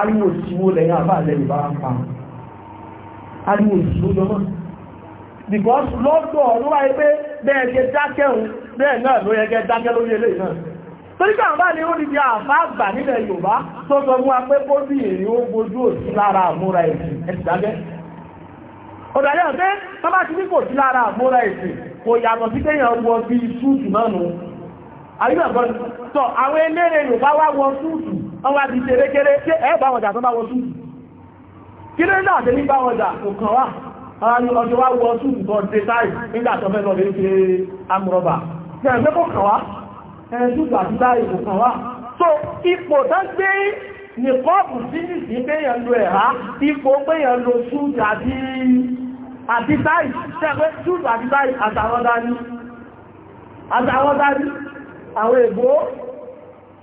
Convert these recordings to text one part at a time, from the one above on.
ariwo ìṣíwó lẹ́yìn àbáàlẹ́ ìbáraǹpa ariwo ìṣíwó jọmọ́ because lọ́gbọ̀ ọ̀rọ̀ wáyé pé bẹ́ẹ̀ jẹ dákẹ́hùn bẹ́ẹ̀ náà ló yẹ kẹ́ dákẹ́ lórí eléyìí náà toríkà bá ní orí di àfáàgbà nílẹ̀ Yorùbá tó sọ mú apẹ́ bóbí èrí ó gbójú òsí lára àmúra ẹ̀sìn ẹ̀sìdágẹ́ ọ̀dàlẹ́ ọ̀fẹ́ tó bá ti ní kò sí lára àmúra ẹ̀sìn kò yàtọ̀ sí kéèyàn wọ bí súùtù náà nù àríwẹ̀gbọ́n tọ àwọn eléré Yorùbá wá wọ súùtù wọ́n ti ṣe rékéré tí ẹ bá tó bá wọ́n tún kí ló náà tẹ́ ní bá wọn wá ara ní ọjọ́ wá wọ́n tún nǹkan dé nígbà tó fẹ́ lọ ṣe amúrọ̀bà so ipò tán gbé ní kọ́ọ̀pù sí ní sí péyàn lo ẹ̀há ipò péyàn lo ṣúùtù àti àtitáì tẹ́gbẹ́ ṣúùtù àtitáì àtàwọn dání àwọn èbó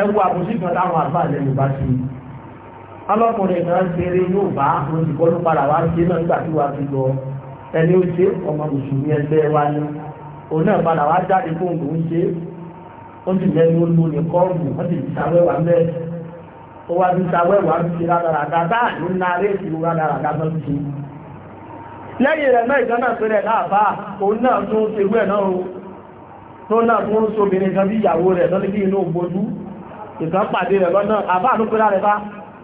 ẹwú àbòsí kan táwọn àfáà lẹ́nu bá ti ọlọ́kùnrin náà ṣeré yóò bá olùkọ́ ló padà wá sí náà nígbà tí wàá ti lọ ẹni ó ṣe ọmọ mùsùlùmí ẹgbẹ́ wa ni òun náà padà wá jáde fún òun ṣe ó sì lẹ́nu ó lóni kọ́ọ̀bù wọ́n sì ṣàwẹ́wà mẹ́ẹ̀ ó wá ti ṣàwẹ́wà ń ṣe rádaràdá táà ló ń narí èsì rádaràdá tó ń ṣe. lẹ́yìn rẹ̀ náà ìjọ náà pẹ̀lẹ̀ láàbá òun náà tó ń sobìnrin ìkan pàdé rẹ̀ lọ́nà àbá àlúkúrá rẹ̀ bá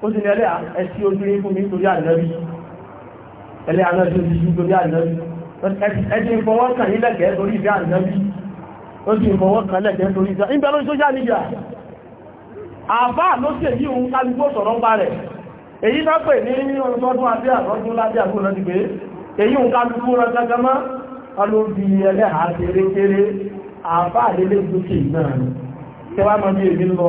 ó sì ní ẹlẹ́à ẹsí ojúrí fún mi torí àdínábí ẹlẹ́à náà sí ojúrí torí àdínábí ẹjì ìfọwọ́kàn nílẹ̀kẹ́ torí ìfẹ́ àdínábí ó sì ìfọwọ́kàn lẹ́kẹ́ torí ìfẹ́ ìbẹ̀ lórí social media àbá ló sì èyí òun kálùkù sọ̀rọ̀ ń bá rẹ̀ èyí náà pè ní ọdún abẹ́ àrọ́dún lábẹ́ àgbò náà ti pé èyí òun kálùkù rẹ̀ gágámá ọlọ́bí ẹlẹ́hàá kéré kéré àbá àlélé ìdókè náà tẹwàá mọ́ bí èmi lọ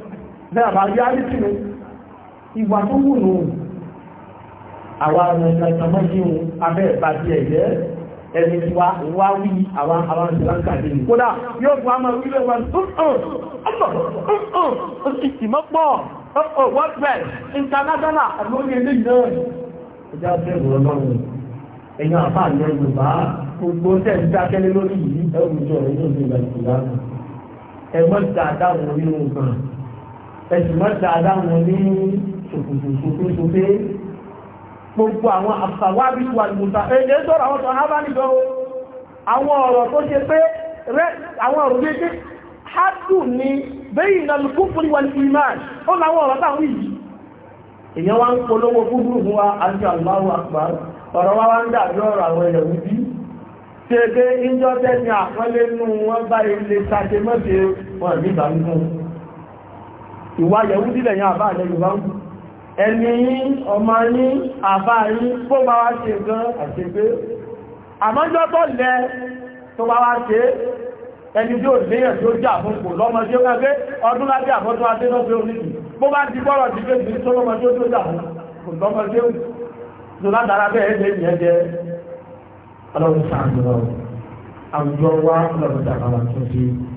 bẹ́ẹ̀ àbá yá ní kí ìwà tó wù nù àwa ọmọ ẹ̀ka ìtàmọ́ sí òun abẹ́ ìbàdí ẹ̀jẹ́ ẹni tí wá wá wí àwọn àwọn ìsìláńkà dé ní kódà yóò fún àmà wílẹ̀ wọn ìsìmọ́pọ̀ world bank international àlórí ilé náà ìjà bẹ̀rù ọlọ́run ẹ̀yìn àbá àlẹ́ yorùbá gbogbo tẹ̀ ń dákẹ́lé lórí yìí ẹ̀rù ìjọ rẹ̀ yóò dé ìgbà ìgbà ẹ̀mọ́ dáadáa wọn nínú ẹ̀sùn mọ́ta adáwọn ní ṣòkòtòṣòkòṣòfé gbogbo àwọn àfàwábí wà sọ́rọ̀ àwọn sọ̀hábà nìjọ́ àwọn ọ̀rọ̀ tó ṣe pé àwọn ọ̀rọ̀ méjì hádù ní bẹ́yìn na lùkúfúrí ìwà yẹ̀wú dílẹ̀ yẹn àbá àlẹ́ yorùbá ẹni yín ọmọ yín àbá yín bó bá wá ṣe gan àti pé àmọ́jọ́ tó lẹ tó bá wá ṣe ẹni tí ó léyàn tí ó jà fún kò lọ́mọ tí ó kẹ́gbé ọdún láti àbọ́tún adé náà pé oníkì bó bá ti bọ́rọ̀ ti pé jù tó lọ́mọ tí ó tó jà fún kò lọ́mọ tí ó tó látara bẹ́ẹ̀ lè yẹn jẹ ọlọ́run sáà jùlọ àwùjọ wa ọlọ́run sáà